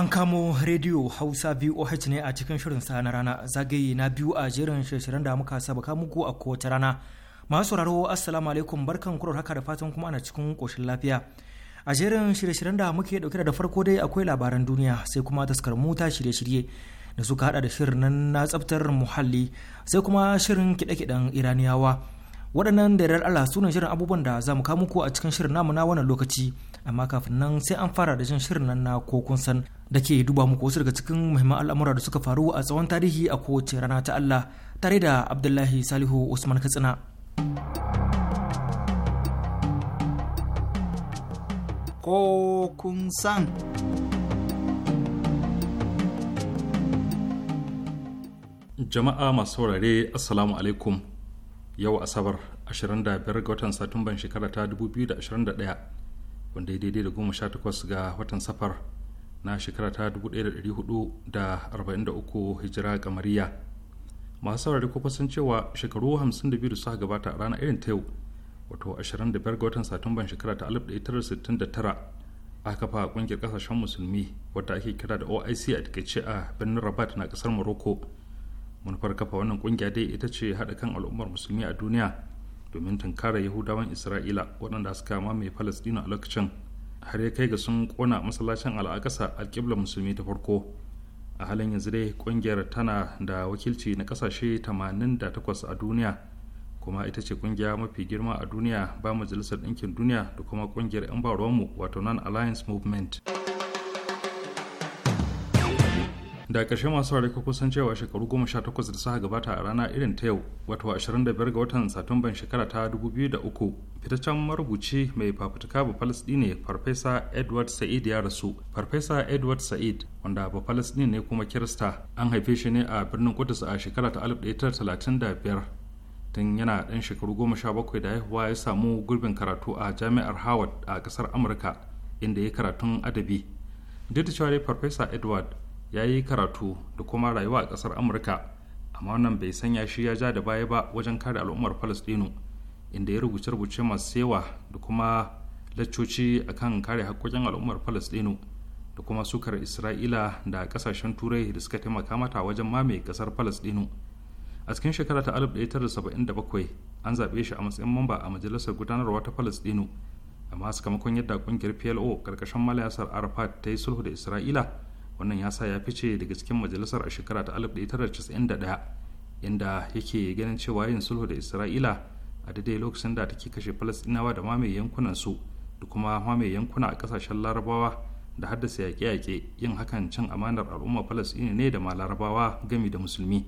An kamo rediyo Hausa VOH ne a cikin shirin sa na rana zagaye na biyu a jerin shirin da muka saba muku ko a kowace rana. Masu sauraro assalamu alaikum barkan kuro haka da fatan kuma ana cikin koshin lafiya. A jerin shirye-shiryen da muke dauke da farko dai akwai labaran duniya sai kuma taskar mota shirye-shirye da suka hada da shirin nan na tsaftar muhalli sai kuma shirin kiɗe-kiɗen Iraniyawa. waɗannan da yarar Allah sunan shirin abubuwan da za mu kawo muku a cikin shirin namu na wannan lokaci amma kafin nan sai an fara da jin shirin nan na ko kun san da ke duba muku wasu daga cikin muhimman al'amura da suka faru a tsawon tarihi a kowace rana ta Allah tare da Abdullahi Salihu Usman Katsina. Ko san. Jama'a masu saurare Assalamu alaikum. yau asabar 25 ga watan satumban shekara ta 2021 wanda ya daidai da 18 ga watan safar na shekara ta 1443 hijira kamariya masu saurari ko kusan cewa shekaru 52 da suka gabata a ranar irin ta yau wato 25 ga watan satumban shekara ta 1969 aka kafa kungiyar kasashen musulmi wadda ake kira da oic a takaice a birnin rabat na kasar morocco manufar kafa wannan kungiya dai ita ce haɗa kan al'ummar musulmi a duniya domin tunkara yahudawan isra'ila waɗanda suka mamaye falastinu a lokacin har ya kai ga sun kona masallacin al'akasa alƙiblar musulmi ta farko a halin yanzu dai ƙungiyar tana da wakilci na ƙasashe 88 a duniya kuma ita ce kungiya mafi girma a duniya ba majalisar ɗinkin duniya da kuma ƙungiyar 'yan wato non alliance movement da ƙarshe masu ware kuka san cewa shekaru goma sha takwas da suka gabata a rana irin ta yau wato 25 ga watan satumban shekara ta uku fitaccen marubuci mai fafutuka ba ne farfesa edward sa'id ya rasu farfesa edward sa'id wanda ba palestine ne kuma kirista an haife shi ne a birnin kudus a shekara ta biyar tun yana ɗan shekaru goma sha bakwai da haihuwa ya samu gurbin karatu a jami'ar howard a ƙasar amurka inda ya karatun adabi duk da cewa dai farfesa edward ya yi karatu da kuma rayuwa a ƙasar amurka amma wannan bai sanya shi ya ja da baya ba wajen kare al'ummar palestino inda ya rubuce-rubuce masu yawa da kuma laccoci a kan kare haƙƙoƙin al'ummar palestino da kuma sukar isra'ila da ƙasashen turai da suka taimaka mata wajen mamaye ƙasar palestino a cikin shekara ta 1977 an zaɓe shi a matsayin mamba a majalisar gudanarwa ta palestino amma sakamakon yadda ƙungiyar plo ƙarƙashin malayasar arafat ta yi sulhu da isra'ila wannan ya sa ya fice daga cikin majalisar a shekara ta 1991 inda yake ganin cewa yin sulhu da isra'ila a daidai lokacin da take kashe falasdinawa da mamaye yankunan su da kuma mamaye yankuna a kasashen larabawa da haddasa yaƙe-yaƙe yin hakan cin amanar al'umma falastini ne da ma larabawa gami da musulmi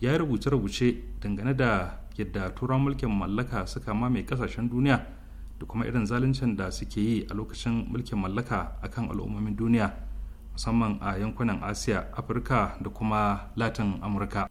ya yi rubuce-rubuce dangane da yadda turan mulkin mallaka suka mamaye kasashen duniya da kuma irin zaluncin da suke yi a lokacin mulkin mallaka akan al'ummomin duniya musamman a yankunan asiya afirka da kuma latin amurka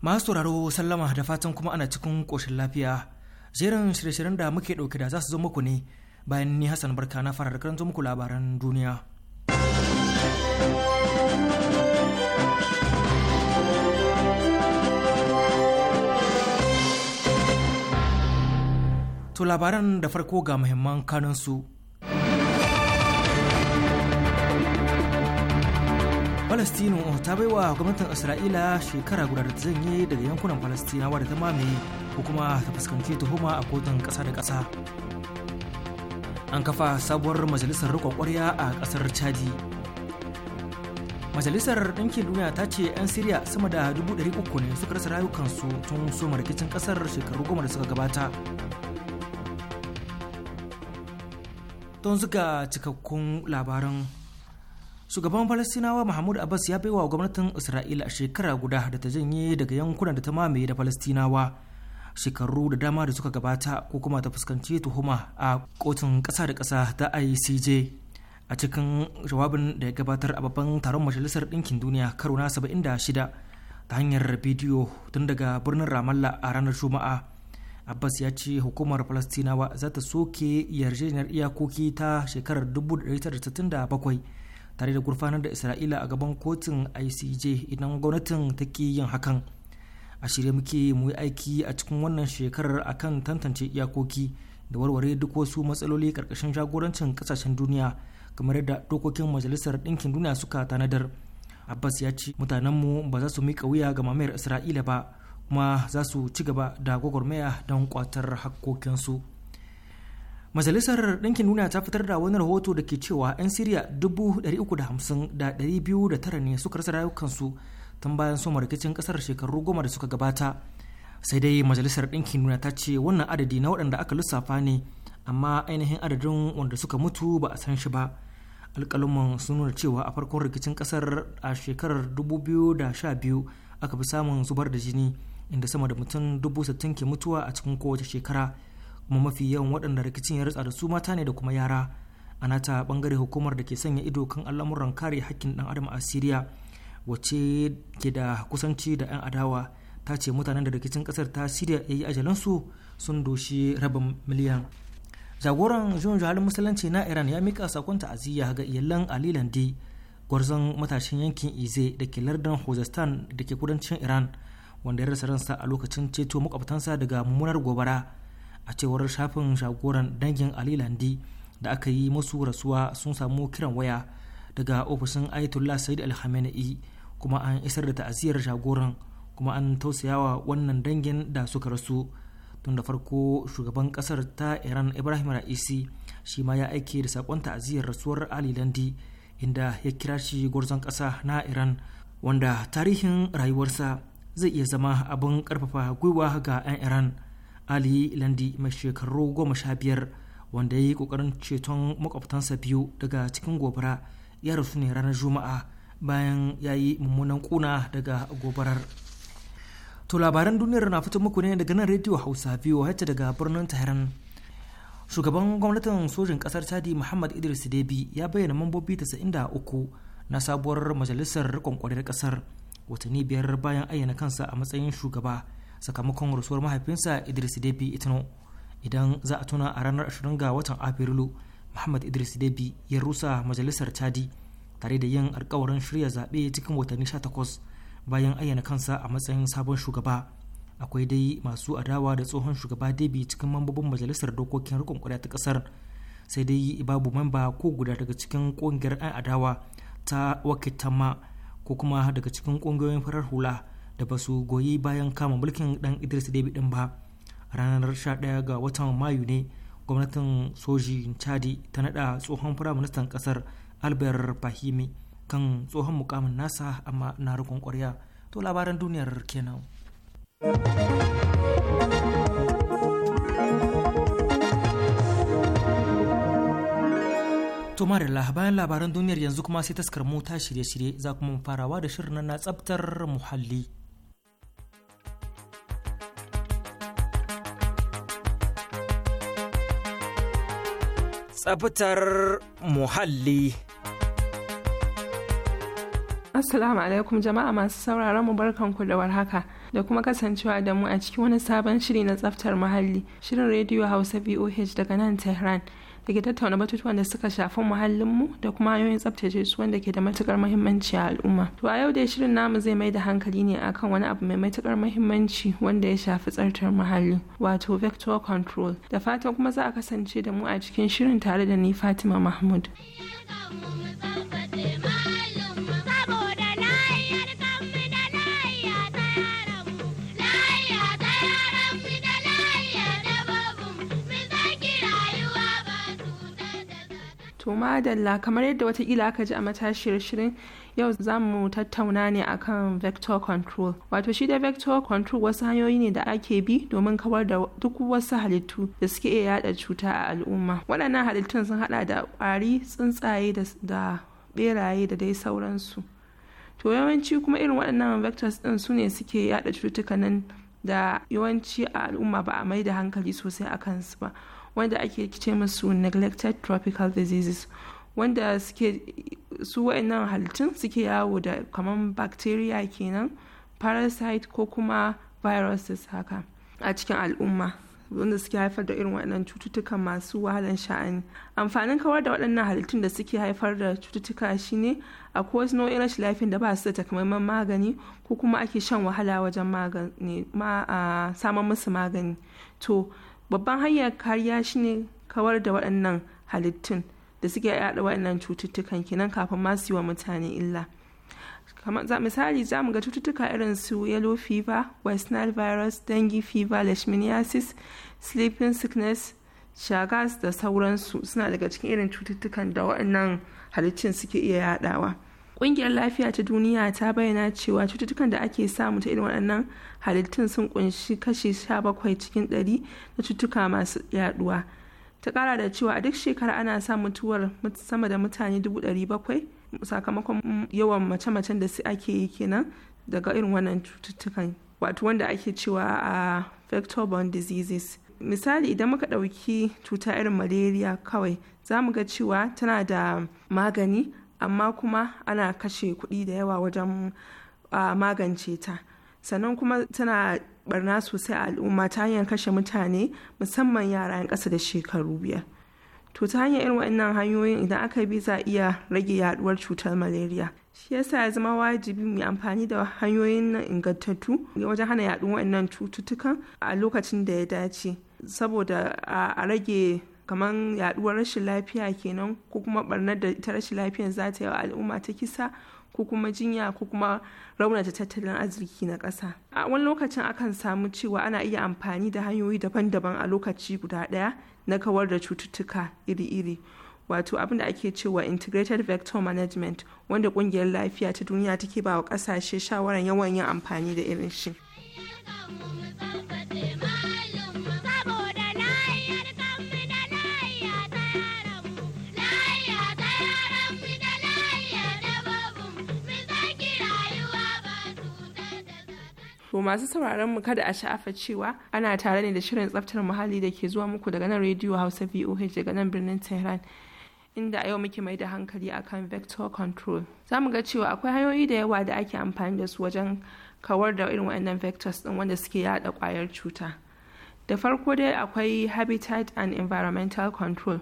masu sauraro sallama da fatan kuma ana cikin koshin lafiya jerin shirye-shiryen da muke ɗauke da za su zo muku ne bayan ni hassan barka na fara da karanta muku labaran duniya to labaran da farko ga muhimman kanunsu palestino ta baiwa gwamnatin isra'ila shekara guda da zan yi daga yankunan palestinawa da ta mamaye ko kuma ta fuskanci tuhuma a kotun kasa da kasa. an kafa sabuwar majalisar riƙon ƙwarya a ƙasar chadi majalisar ɗinkin duniya ta ce 'yan siriya sama da 300 ne suka rasa rayukansu tun soma rikicin ƙasar shekaru goma da suka gabata don suka cikakkun labaran shugaban falastinawa mahmud abbas ya baiwa gwamnatin isra'ila shekara guda da ta janye daga yankunan da ta mamaye da falastinawa shekaru da dama da suka gabata ko kuma ta fuskanci tuhuma a kotun ƙasa da ƙasa ta icj a cikin jawabin da ya gabatar a babban taron majalisar ɗinkin duniya karo na 76 ta hanyar bidiyo tun daga birnin ramallah a ranar juma'a abbas ya ce hukumar falastinawa za ta soke yarjejeniyar iyakoki ta shekarar 1967 tare da gurfanar da isra'ila a gaban kotun icj idan gwamnatin ta ki yin hakan a shirye muke mu yi aiki a cikin wannan shekarar akan tantance iyakoki da warware duk wasu matsaloli karkashin jagorancin kasashen duniya kamar yadda dokokin majalisar ɗinkin duniya suka tanadar abbas ya ce mutanenmu ba za su mika wuya ga mamayar isra'ila ba kuma za su ci gaba da gwagwarmaya don kwatar hakkokinsu majalisar ɗinkin duniya ta fitar da wani rahoto da ke cewa 'yan siriya da 209 ne suka rasa rayukansu tun bayan soma rikicin ƙasar shekaru goma da suka gabata sai dai majalisar ɗinkin duniya ta ce wannan adadi na waɗanda aka lissafa ne amma ainihin adadin wanda suka mutu ba a san shi ba alƙalumin sun nuna cewa a farkon rikicin ƙasar a shekarar 2012 aka fi samun zubar da jini inda sama da mutum 60,000 ke mutuwa a cikin kowace shekara kuma mafi yawan waɗanda rikicin ya ritsa da su mata ne da kuma yara a nata bangare hukumar da ke sanya ido kan al'amuran kare hakkin ɗan adam a siriya wacce ke da kusanci da 'yan adawa ta ce mutanen da rikicin kasar ta siriya ya yi ajalansu sun doshi rabin miliyan jagoran jun halin musulunci na iran ya mika sakon ta'aziyya ga iyalan ali landi gwarzon matashin yankin ize da ke lardin hozestan da ke kudancin iran wanda ya rasa ransa a lokacin ceto makwabtansa daga mummunar gobara a cewar shafin shagoran dangin ali landi da aka yi masu rasuwa sun samu kiran waya daga ofishin ayatollah said al kuma an isar da ta'aziyar shagoran kuma an tausayawa wannan dangin da suka rasu tun da farko shugaban kasar ta iran ibrahim ra'isi shi ma ya aike da saƙon ta'aziyar rasuwar ali landi inda ya kira shi gwarzon ƙasa na iran wanda tarihin rayuwarsa zai iya zama abin ƙarfafa gwiwa ga 'yan iran ali landi mai shekaru goma sha biyar wanda ya yi kokarin ceton makwabtansa biyu daga cikin gobara ya rasu ne ranar juma'a bayan ya yi mummunan kuna daga gobarar to labaran duniyar na fito muku ne daga nan rediyo hausa biyu hatta daga birnin tehran shugaban gwamnatin sojin kasar chadi muhammad idris debi ya bayyana mambobi uku na sabuwar majalisar rikon ƙwarar kasar watanni biyar bayan ayyana kansa a matsayin shugaba sakamakon rasuwar mahaifinsa idris debi itno idan za a tuna a ranar 20 ga watan afrilu muhammad idris debi ya rusa majalisar chadi tare da yin alkawarin shirya zaɓe cikin watanni 18 bayan ayyana kansa a matsayin sabon shugaba akwai dai masu adawa da tsohon shugaba debi cikin mambobin majalisar dokokin rikon kuriya ta kasar sai dai babu mamba ko guda daga cikin kungiyar 'yan adawa ta wakitama ko kuma daga cikin ƙungiyoyin farar hula da ba su goyi bayan kama mulkin dan idris debi din ba ranar 11 ga watan mayu ne gwamnatin soji chadi ta nada tsohon firaministan kasar albert fahimi kan tsohon mukamin nasa amma na rukun kwarya to labaran duniyar kenan To Marilla, bayan labaran duniyar yanzu kuma sai taskar mu ta shirye-shirye za kuma farawa da shirin na tsabtar muhalli. tsabtar muhalli. Assalamu alaikum jama'a masu sauraron mu ku da warhaka da kuma kasancewa da mu a cikin wani sabon shiri na tsaftar muhalli shirin rediyo Hausa boh daga nan Tehran. da ke tattauna batutuwan da suka shafi muhallinmu da kuma hanyoyin tsabtace su wanda ke da matukar muhimmanci a al'umma. To a yau dai shirin namu zai mai da hankali ne akan wani abu mai matukar muhimmanci wanda ya shafi tsartar muhalli wato vector control. Da fatan kuma za a kasance da mu a cikin shirin tare da ni Fatima Mahmud. To madalla kamar yadda watakila aka ji a matashiyar shirin yau za mu tattauna ne akan vector control. Wato shi da vector control wasu hanyoyi ne da ake bi domin kawar da duk wasu halittu da suke iya yada cuta a al'umma. Waɗannan halittun sun hada da ƙwari, tsuntsaye da beraye da dai sauransu. To yawanci kuma irin waɗannan vectors ɗin su ne suke yada cututtuka nan da yawanci a al'umma ba a mai da hankali sosai a kansu ba. wanda ake ce masu neglected tropical diseases wanda suke su wa'annan halittun suke yawo da kamar bacteria kenan parasite ko kuma viruses haka a cikin al'umma wanda suke haifar da irin waɗannan cututtuka masu wahalan sha'ani amfanin kawar da waɗannan halittun da suke haifar da cututtuka shine a wasu nau'in rashin lafiyar da ba su da takamaiman magani ko kuma ake shan wahala wajen magani ma a samun musu magani to babban hanyar kariya shine kawar da waɗannan halittun da suke yaɗa waɗannan cututtukan kenan kafin ma su yi wa mutane illa misali za mu ga cututtuka irin su yellow fever west nile virus dengue fever leishmaniasis sleeping sickness shagas da sauransu suna daga cikin irin cututtukan da waɗannan halittun suke iya yaɗawa. Ƙungiyar Lafiya ta Duniya ta bayyana cewa cututtukan da ake samu ta irin waɗannan halittun sun kunshi kashi 17 cikin 100 na cututtuka masu yaduwa. Ta kara da cewa a duk shekara ana sa mutuwar sama da mutane 700 sakamakon yawan mace-macen da su ake yi kenan daga irin wannan cututtukan. Wato wanda ake cewa a vector-borne diseases. misali idan muka ɗauki cuta irin malaria kawai za mu ga cewa tana da magani amma kuma ana kashe kuɗi da yawa wajen magance ta sannan kuma tana barna sosai a al'umma ta hanyar kashe mutane musamman yara 'yan ƙasa da shekaru biyar to ta hanyar irin waɗannan hanyoyin idan aka bi za iya rage yaduwar cutar malaria shi yasa ya zama wajibi mu amfani da hanyoyin nan ingantattu wajen hana yaduwar waɗannan cututtukan a lokacin da ya dace saboda a rage kamar yaduwar rashin lafiya kenan ko kuma barnar da ta rashin lafiyar za ta yi wa al'umma ta kisa ko kuma jinya ko kuma raunata tattalin arziki na ƙasa a wani lokacin akan samu cewa ana iya amfani da hanyoyi daban-daban a lokaci guda ɗaya na kawar da cututtuka iri-iri wato abin ake cewa integrated vector management wanda ƙungiyar lafiya ta duniya take ba wa ƙasashe shawarar yawan yin amfani da irin shi. To masu sauraron mu kada a sha'afa cewa ana tare ne da shirin tsaftar muhalli da ke zuwa muku daga nan rediyo Hausa VOH daga nan birnin Tehran. Inda a yau muke mai da hankali akan vector control. Za mu ga cewa akwai hanyoyi da yawa da ake amfani da su wajen kawar da irin wannan vectors din wanda suke yada kwayar cuta. Da farko dai akwai habitat and environmental control.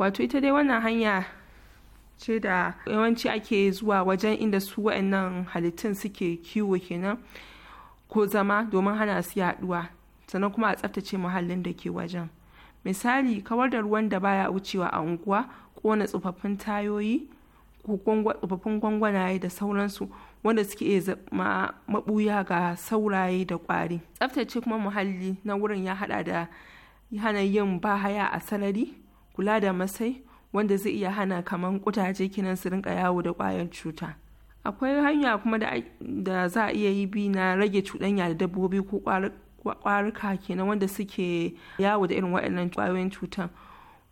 Wato ita dai wannan hanya ce da yawanci ake zuwa wajen inda su wa'annan halittun suke kiwo kenan. ko zama domin hana su yaduwa sannan kuma a tsaftace muhallin da ke wajen misali kawar da ruwan da baya wucewa a unguwa kona tsofaffin tayoyi tsofaffin gwangwanaye da sauransu wanda suke iya zama mabuya ga sauraye da kwari tsaftace kuma muhalli na wurin ya hada da hana yin bahaya a sarari kula da masai wanda zai iya hana kaman kudaje kinan su rinka yawo da kwayar cuta akwai hanya kuma da za a iya yi bi na rage cuɗanya da dabbobi ko kwaruka kenan wanda suke yawo da irin waɗannan ƙwayoyin cutan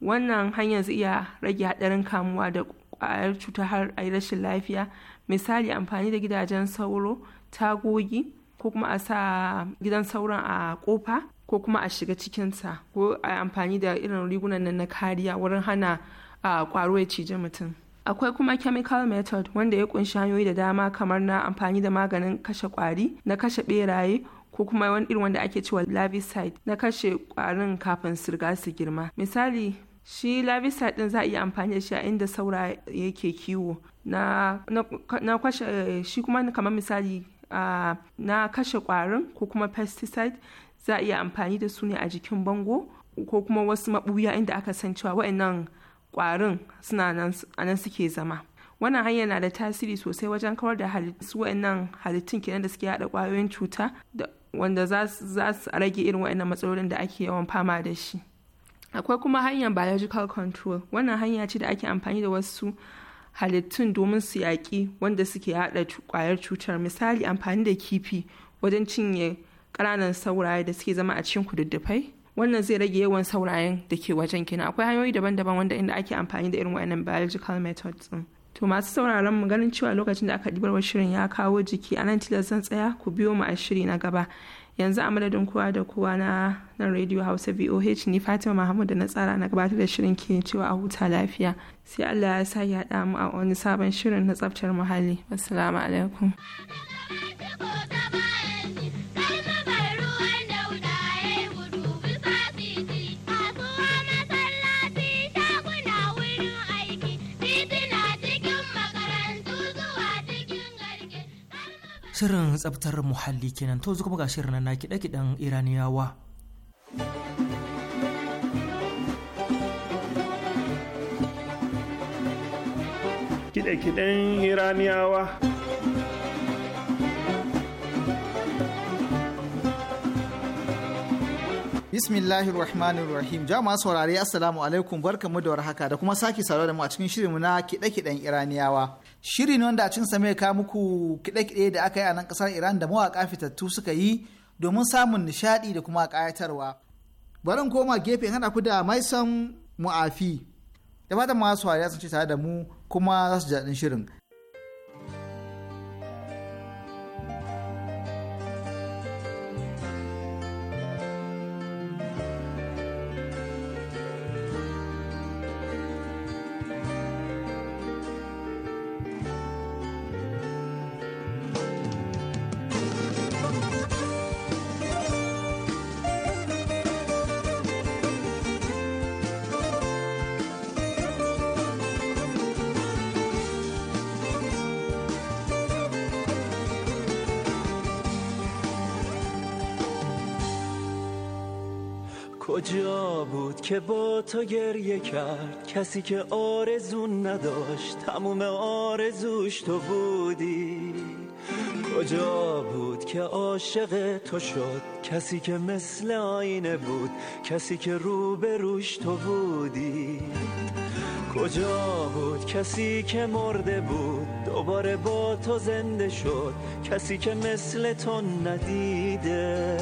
wannan hanyar zai iya rage haɗarin kamuwa da ƙwayar cuta har a yi rashin lafiya misali amfani da gidajen sauro tagogi ko kuma a sa gidan sauron a ƙofa ko kuma a shiga cikinsa ko a amfani da irin rigunan nan na kariya wurin hana ƙwaro ya cije mutum akwai kuma chemical method wanda ya kunshi hanyoyi da dama kamar na amfani da maganin kashe kwari na kashe beraye ko kuma wani irin wanda ake cewa larvicide na kashe kwarin kafin su riga su girma misali shi larvicide din za a iya amfani da shi a inda saura yake kiwo na, na, shi kuma kamar misali na kashe kwarin ko kuma pesticide za a iya amfani da su ne a jikin bango ko kuma wasu mabuya inda aka san cewa waɗannan kwarin suna nan suke zama wannan hanya na da tasiri sosai wajen kawar da su nan halittun kenan da suke haɗa kwayoyin cuta wanda za su rage irin wayannan matsalolin da ake yawan fama da shi akwai kuma hanyar biological control wannan hanya ce da ake amfani da wasu halittun domin su yaƙi wanda suke haɗa kwayar cutar misali amfani da kifi wajen cinye ƙananan sauraye da suke zama a cikin kududdufai wannan zai rage yawan saurayen da ke wajen kina akwai hanyoyi daban-daban wanda inda ake amfani da irin wayannan biological methods din to masu sauraron mu ganin cewa lokacin da aka wa shirin ya kawo jiki a nan tilas zan tsaya ku biyo mu a shiri na gaba yanzu a madadin kowa da kowa na nan radio hausa voh ni fatima mahmud da na tsara na gabatar da shirin ke cewa a huta lafiya sai allah ya sa ya mu a wani sabon shirin na tsaftar muhalli assalamu alaikum Shirin tsabtar muhalli kenan to kuma ga shirin na kiɗe-kiɗen Iraniyawa. Kiɗe-kiɗen Iraniyawa. Bismillahir Rahmanir Rahim. Jama'a saurari Assalamu alaikum barkamu da warhaka da kuma sake saurari da mu a cikin shirinmu na kiɗe-kiɗen Iraniyawa. shiri ne wanda a cin same ka muku kide kide da aka yi a nan kasar iran da mawaƙa fitattu suka yi domin samun nishaɗi da kuma kayatarwa. bari koma gefe hana ku da maisan mu'afi da fatan masu wariya sun ce tare da mu kuma za su jaɗin shirin کجا بود که با تو گریه کرد کسی که آرزو نداشت تموم آرزوش تو بودی کجا بود که عاشق تو شد کسی که مثل آینه بود کسی که روبروش تو بودی کجا بود کسی که مرده بود دوباره با تو زنده شد کسی که مثل تو ندیده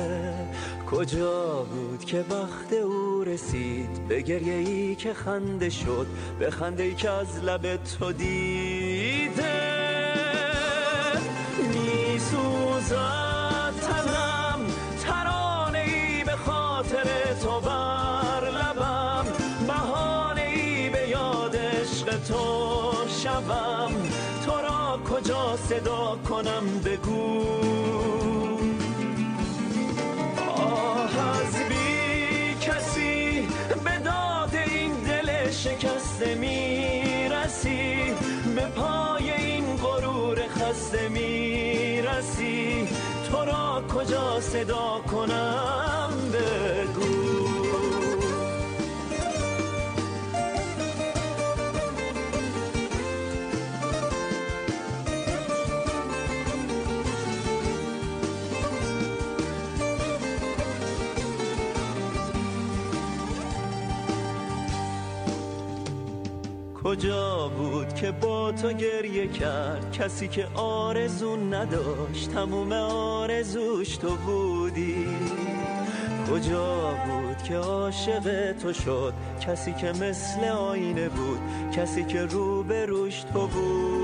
کجا بود که وقت او رسید به گریه ای که خنده شد به خنده ای که از لب تو دیده می سوزد تنم ترانه ای به خاطر تو بر لبم بهانه ای به یاد عشق تو شوم تو را کجا صدا کنم بگو شکسته میرسی به پای این غرور خسته میرسی تو را کجا صدا کنم کجا بود که با تو گریه کرد کسی که آرزو نداشت تموم آرزوش تو بودی کجا بود که عاشق تو شد کسی که مثل آینه بود کسی که روبروش تو بود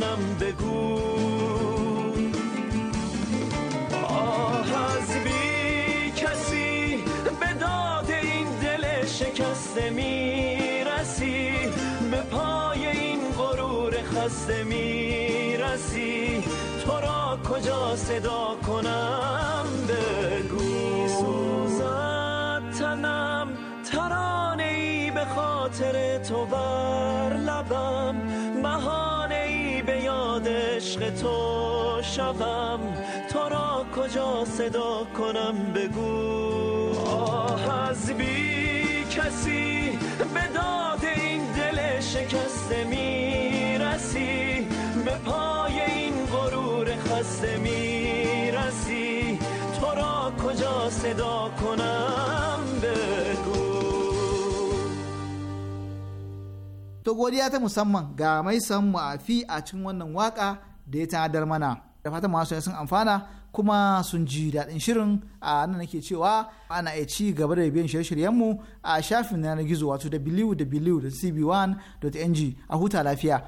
جانم بگو آه از بی کسی به داد این دل شکسته رسی به پای این غرور خسته رسی تو را کجا صدا کنم بگو سوزد تنم ترانه ای به خاطر تو بر لبم عشق تو شوم تو را کجا صدا کنم بگو آه از بی کسی به داد این دل شکسته میرسی به پای این غرور خسته میرسی تو را کجا صدا کنم to godiya ta musamman ga mai san mu'afi a cikin wannan waka da ya tanadar mana da fatan masu sun amfana kuma sun ji daɗin shirin a nan nake cewa ana iya ci gaba da biyan shirye mu a shafin yanar gizo wato www.cb1.ng a huta lafiya.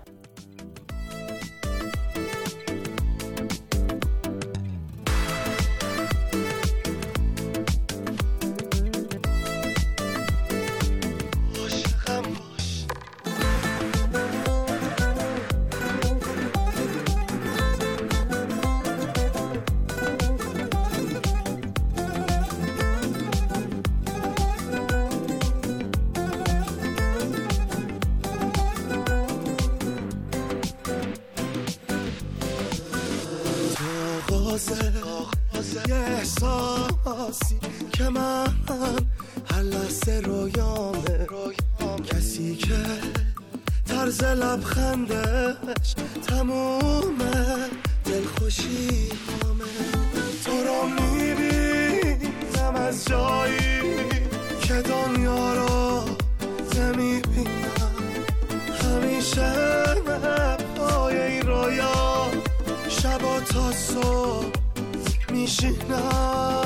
تا صبح میشینم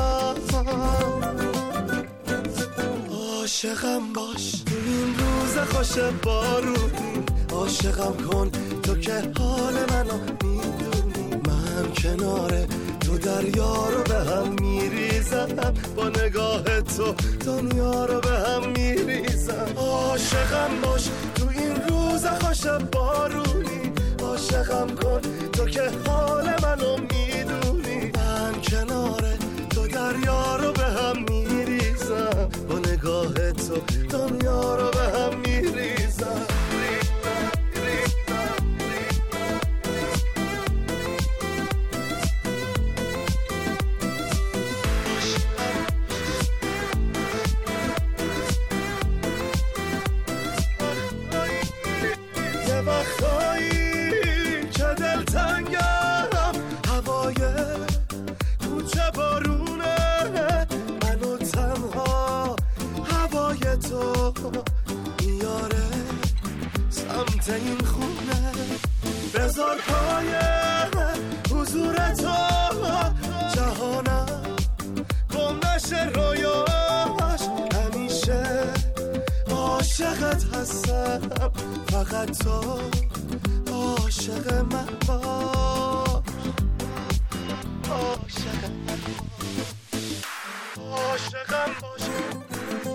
عاشقم باش تو این روز خوش بارونی عاشقم کن تو که حال منو میدونی من کنار تو دریا رو به هم میریزم با نگاه تو دنیا رو به هم میریزم عاشقم باش تو این روز خوش بارونی عاشقم کن تو که حال منو میدونی من کنار تو دریا رو به هم میریزم با نگاه تو دنیا رو به هم حتی عاشق من باش عاشق من عاشقم باشه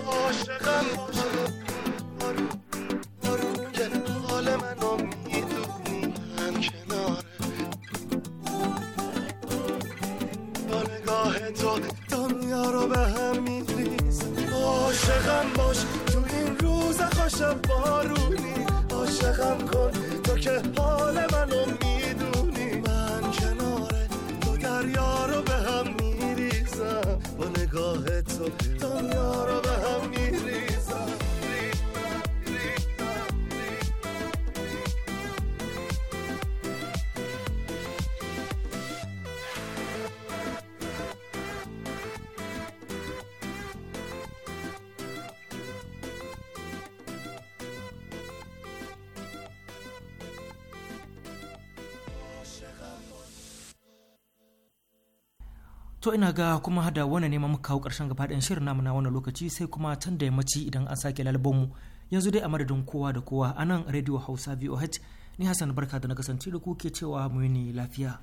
عاشقم باشه بارو بارو که حال منو میدونی هم کناره با نگاه تو دنیا رو به هم میریزم عاشقم باش تو این روز خوشم بارو عاشقم کن تو که حال منو میدونی من کنار تو دریا رو به هم میریزم با نگاه تو دنیا رو ina ga kuma da wani neman muka kawo ƙarshen gaba shirin namu na wannan lokaci sai kuma can da yammaci idan an sake lalbonmu yanzu dai a madadin kowa da kowa a nan radio hausa voh ni hassan barka da na kasance da ku cewa mu yi lafiya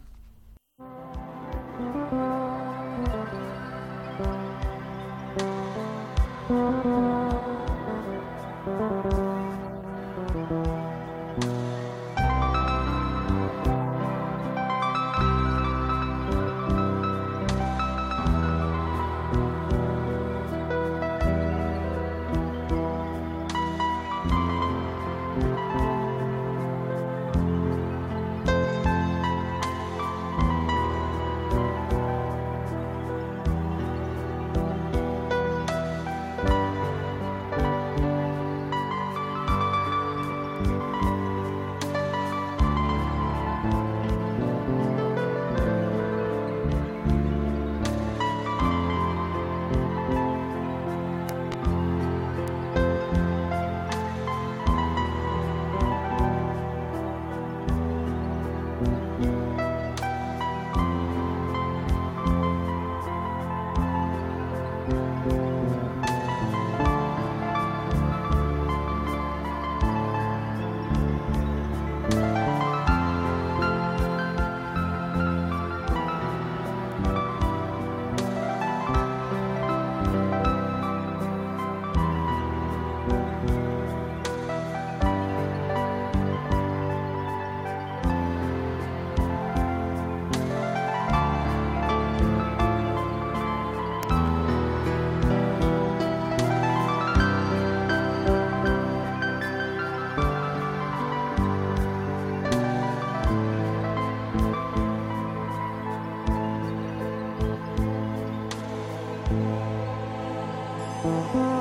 Mm-hmm.